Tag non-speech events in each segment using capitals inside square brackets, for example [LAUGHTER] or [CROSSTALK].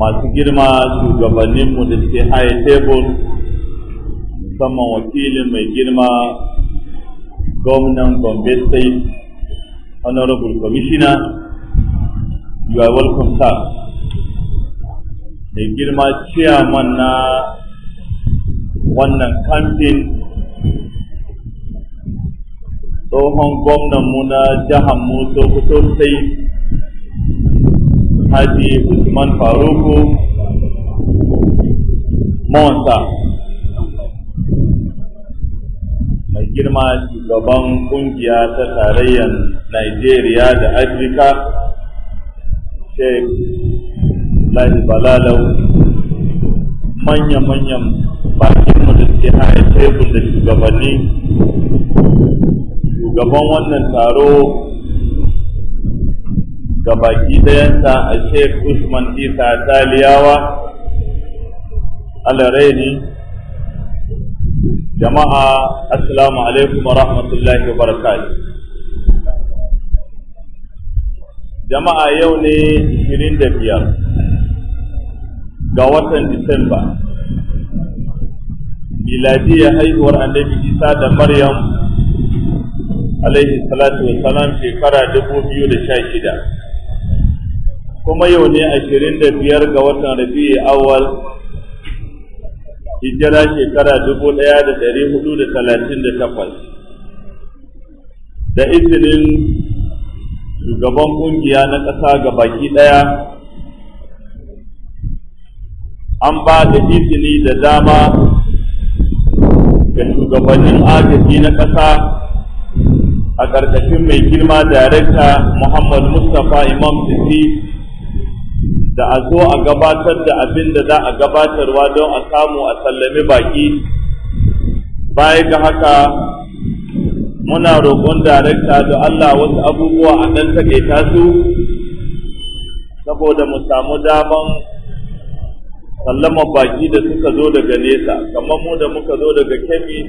masu girma shugabanninmu da suke haya tebur musamman wakilin mai girma gwamnan gombe state honorable commissioner you are welcome sir mai girma chairman na wannan kantin tsohon gwamnan mu na jihar mu sokoto state Haji Usman Faruku Monsa mai girma shugaban kungiya ta tarayyar Nigeria da Afirka Sheikh Lali Balalau manya-manyan bakin da suke haɗe tebur da shugabanni shugaban wannan taro ga baki dayansa a sheikh usman isa taliyawa alaraini jama'a assalamu alaikum wa rahmatullahi wa barakatuh jama'a yau ne 25 ga watan disamba miladiya haihuwar annabi isa da maryam alaihi salatu wassalam shekara 2016 kuma yau ne ashirin da biyar ga watan rabi'u awal hijira shekara dubu ɗaya da ɗari hudu da talatin da takwas da izinin shugaban ƙungiya na ƙasa ga baki ɗaya an ba da izini da dama ga shugabannin agaji na ƙasa a ƙarƙashin mai girma darekta Muhammad Mustapha Imam Sisi da a zo a gabatar da abin da za a gabatarwa don a samu a sallami baki baya ga haka muna roƙon darekta da Allah wasu abubuwa a ɗan taƙaita su saboda mu samu daman sallama baki da suka zo daga nesa kamar mu da muka zo daga kemi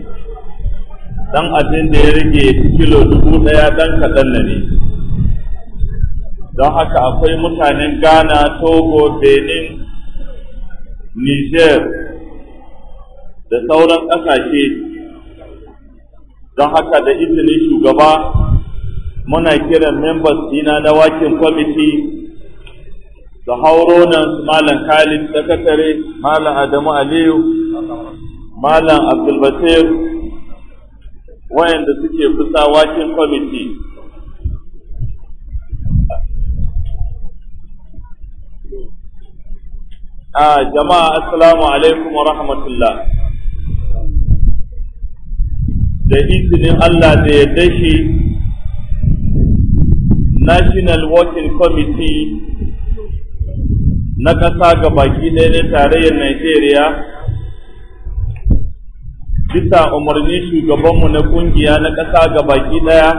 dan abin da ya rage kilo dubu ɗaya dan kaɗan na ne don haka akwai mutanen ghana togo benin niger da sauran ƙasashe don haka da izinin shugaba muna kiran members dina na wakin kwamiti da hauro nan malam khalid sakatare malam adamu aliyu malam abdulbasir wayanda suke kusa wakin kwamiti a ah, jama'a assalamu alaikum wa rahmatullah da izinin Allah da ya shi National Working Committee na ƙasa ga baki ɗaya na tarayyar Najeriya bisa umarnin shugabanmu na ƙungiya na ƙasa ga baki ɗaya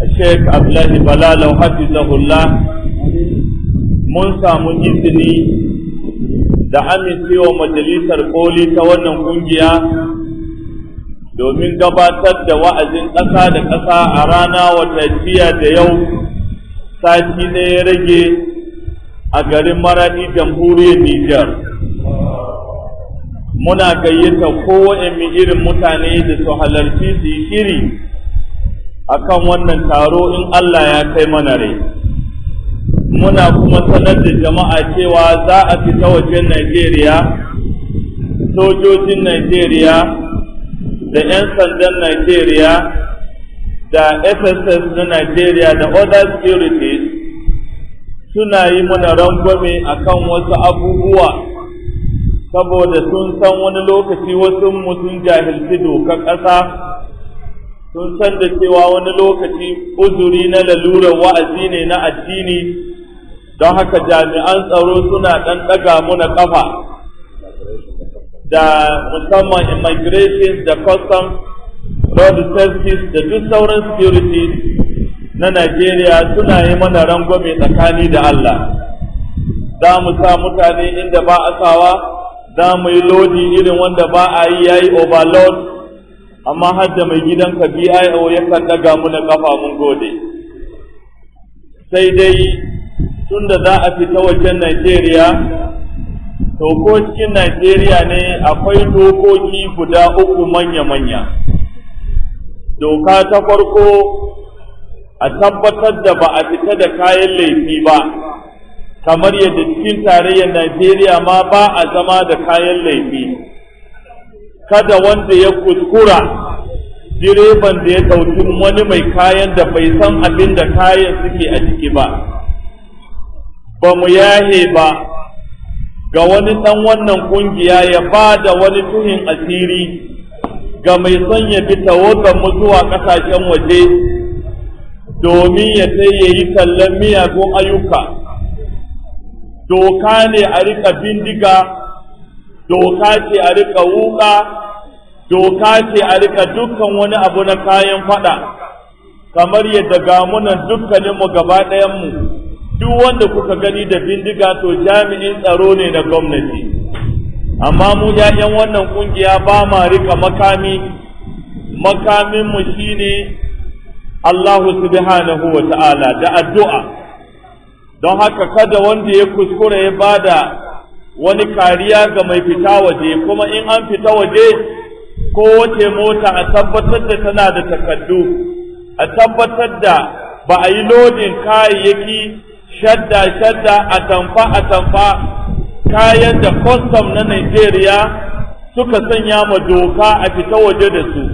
a Sheikh Abdullahi Balalau Hafizahullah mun samu izini da amincewa majalisar koli ta wannan kungiya domin gabatar da wa'azin ƙasa da ƙasa a rana wata jiya da yau sati na ya rage a garin maradi jamhuriyar Nijar. Muna gayyata kowane irin mutane da su halarci su yi shiri a kan wannan taro in Allah ya kai mana rai. muna kuma sanar da jama'a cewa za a fita wajen Najeriya sojojin Najeriya da 'yan sandan Najeriya da SSS na Najeriya da other securities suna yi mana rangwame kan wasu abubuwa saboda sun san wani lokaci wasu mutum jahilci dokar ƙasa sun san da cewa wani lokaci uzuri na lalurar wa'azi ne na addini don haka jami'an tsaro suna ɗan ɗaga muna ƙafa da musamman immigration da customs road safety da duk sauran security na Najeriya suna yi mana rangwame tsakani da Allah za mu sa mutane inda ba a sawa za mu yi lodi irin wanda ba a yi yayi overload amma har da mai ka BIO ya daga ɗaga na kafa mun gode sai dai Tunda za a fita wajen Najeriya, to ko cikin Najeriya ne akwai dokoki guda uku manya-manya. Doka ta farko a tabbatar da ba a fita da kayan laifi ba, kamar yadda cikin tarayyar Najeriya ma ba a zama da kayan laifi. Kada wanda ya kuskura direban da ya ɗauki wani mai kayan da bai san abin da kayan suke a ciki ba. ba mu yahe ba ga wani ɗan wannan ƙungiya ya ba da wani tuhin asiri ga mai son ya bi mu zuwa ƙasashen waje domin ya sai ya yi tallan miyagun ayyuka doka ne a rika bindiga doka ce a rika wuka doka ce a rika dukkan wani abu na kayan fada kamar yadda gamunan dukkaninmu gaba ɗayanmu duk wanda kuka gani da bindiga to jami'in tsaro ne na gwamnati amma mu ya'yan wannan kungiya ba ma rika makami makamin makaminmu shine Allahu subhanahu wa ta'ala da addu'a don haka kada wanda ya kuskura ya bada wani kariya ga mai fita waje kuma in an fita waje ko wace mota a tabbatar da tana da takaddu a tabbatar da ba a yi lodin kayayyaki shadda shadda atamfa atamfa kayan da kwastam na Nigeria suka sanya ma doka a fita waje da su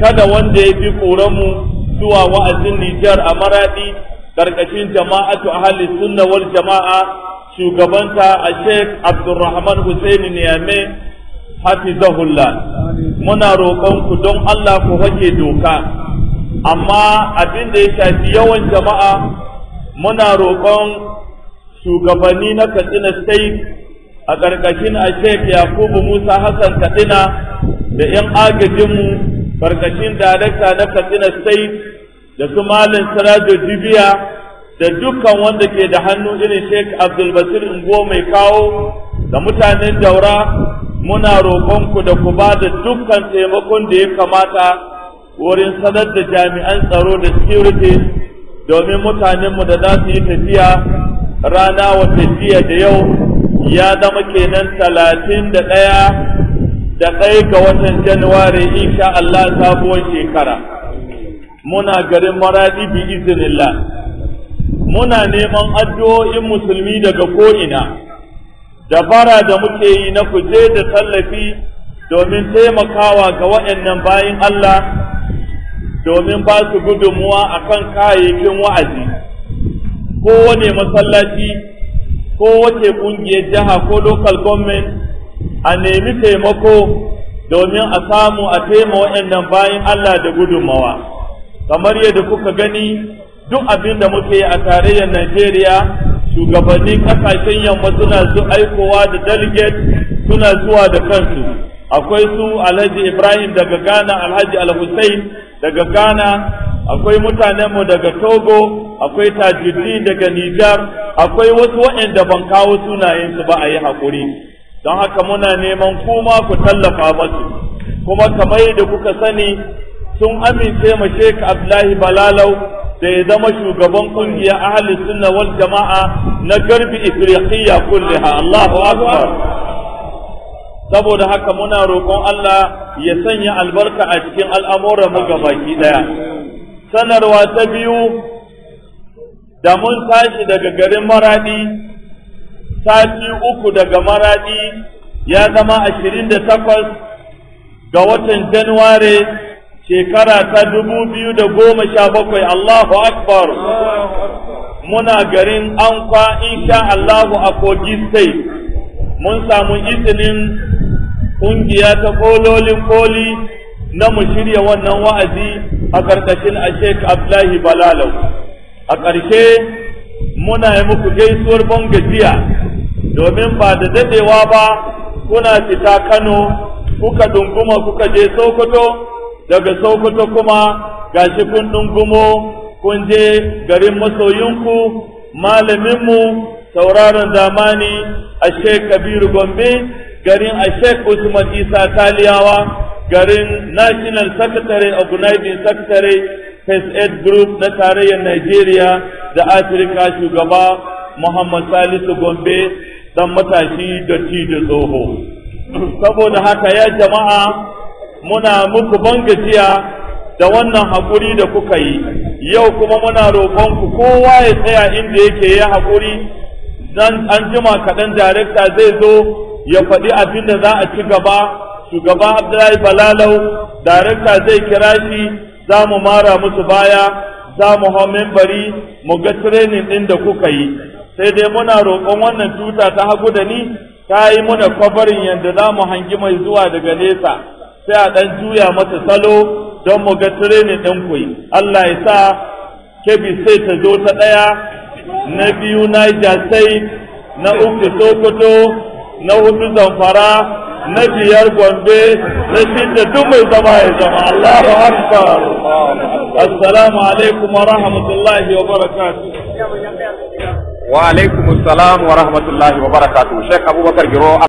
kada wanda ya bi mu zuwa wa'azin Nijar a maraɗi, ƙarƙashin jama'atu ahli sunna wal jama'a shugabanta a Sheikh Abdulrahman Hussein Niyame hafizahullah muna roƙon don Allah ku hake doka amma abin da ya shafi yawan jama'a muna roƙon shugabanni na katsina state a ƙarƙashin a sheikh yakubu musa hassan katsina da 'yan agajinmu ƙarƙashin darakta na katsina state da su malin sirajo dibiya da dukkan wanda ke da hannu irin sheikh abdulbasir ungo mai kawo da mutanen daura muna roƙonku da ku ba da dukkan taimakon da ya kamata wurin sanar da jami'an tsaro da security domin mutanenmu da za su yi tafiya rana wata jiya da yau ya zama kenan talatin da ɗaya da ɗaya ga watan januwari insha Allah sabuwar shekara muna garin maradi bi izinillah muna neman addu'o'in musulmi daga ko'ina da dabara da muke yi na kuje da tallafi domin taimakawa ga waɗannan bayin Allah domin ba su gudunmuwa kan kayayyakin wa'azi kowane masallaci ko wace ƙungiyar jiha ko local government a nemi taimako domin a samu a taima waɗannan bayan Allah da gudunmawa kamar yadda kuka gani duk abin da muke a tarayyar Najeriya shugabannin ƙasashen yamma suna su aikowa da delegate suna zuwa da kansu akwai su alhaji ibrahim daga ghana alhaji al-hussein daga ghana akwai mutanenmu daga togo akwai tajuddin daga nijar akwai wasu waɗanda ban kawo sunayensu ba a yi haƙuri don haka muna neman kuma ku tallafa masu kuma kamar yadda kuka sani sun amince ma sheik abdullahi balalau da ya zama shugaban kungiya ahli sunna wal jama'a na garbi ifriqiya kulliha allahu akbar saboda haka muna roƙon Allah ya sanya albarka a cikin al'amura mu gabaki ɗaya. sanarwa ta biyu da mun tashi daga garin Maraɗi, sati uku daga Maraɗi ya zama ashirin da takwas ga watan Janware shekara ta dubu biyu da goma sha bakwai Allahu Akbar muna garin anfa insha Allahu a kogi state mun samu izinin ƙungiya ta ƙololin koli na mu shirya wannan wa'azi a ƙarƙashin a Sheikh Abdullahi Balalau. A ƙarshe muna yi muku gaisuwar bangajiya domin ba da dadewa ba kuna fita Kano kuka dunguma kuka je Sokoto daga Sokoto kuma ga shi kun dungumo kun je garin masoyinku malaminmu sauraron zamani a Sheikh Kabiru Gombe garin a shek Usman Isa Taliyawa garin National Secretary Organizing Secretary First Aid Group na tarayyar Najeriya da Afirka shugaba Muhammad Salisu Gombe dan matashi da da tsoho. [CLEARS THROAT] Saboda haka ya jama'a muna muku bangajiya da wannan haƙuri da kuka yi, yau kuma muna roƙonku kowa ya tsaya inda yake ya haƙuri, dan an jima kaɗan darekta zai zo ya faɗi abin da za a ci gaba shugaban abdullahi balalau darakta zai kira shi za mu mara musu baya za mu hau membari mu ga training ɗin da kuka yi sai dai muna roƙon wannan tuta ta hagu da ni ta yi muna kwabarin yadda za mu hangi mai zuwa daga nesa sai a ɗan juya mata salo don mu ga training ɗin ku Allah ya sa kebi sai ta zo ta ɗaya na biyu na sai na uku Sokoto na hudu zamfara na biyar gombe na shidda duk mai zama ya zama Allahu akbar assalamu alaikum wa rahmatullahi wa barakatuh wa alaikum assalam wa rahmatullahi wa barakatuh sheikh abubakar giro